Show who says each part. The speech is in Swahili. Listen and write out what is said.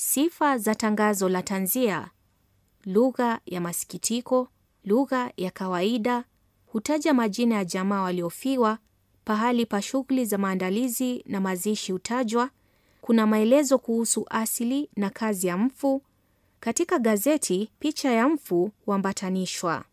Speaker 1: Sifa za tangazo la tanzia: lugha ya masikitiko, lugha ya kawaida, hutaja majina ya jamaa waliofiwa, pahali pa shughuli za maandalizi na mazishi hutajwa, kuna maelezo kuhusu asili na kazi ya mfu. Katika gazeti, picha ya mfu huambatanishwa.